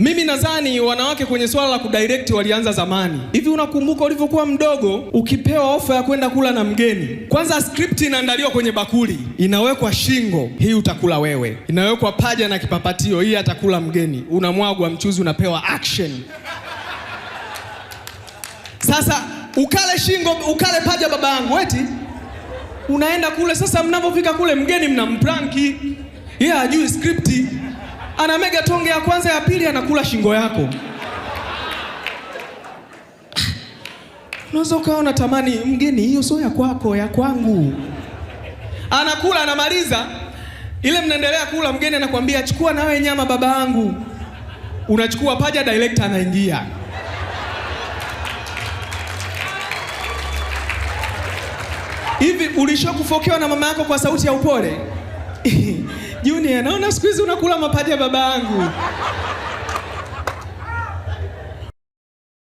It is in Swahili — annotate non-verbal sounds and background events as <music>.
Mimi nadhani wanawake kwenye swala la kudirect walianza zamani. Hivi unakumbuka ulivyokuwa mdogo ukipewa ofa ya kwenda kula na mgeni? Kwanza script inaandaliwa kwenye bakuli, inawekwa shingo, hii utakula wewe. Inawekwa paja na kipapatio, hii atakula mgeni. Unamwagwa mchuzi unapewa action. Sasa ukale shingo, ukale paja baba yangu eti. Unaenda kule sasa mnapofika kule mgeni mnampranki. Yeye yeah, hajui script anamega tonge ya kwanza, ya pili anakula shingo yako. Unaweza ukawa tamani mgeni, hiyo sio ya kwako, ya kwangu. Anakula anamaliza ile, mnaendelea kula, mgeni anakwambia chukua nawe nyama baba yangu. Unachukua paja, director anaingia. Hivi kufokewa na mama yako kwa sauti ya upole? <laughs> Junior, naona siku hizi unakula mapaja ya baba yangu.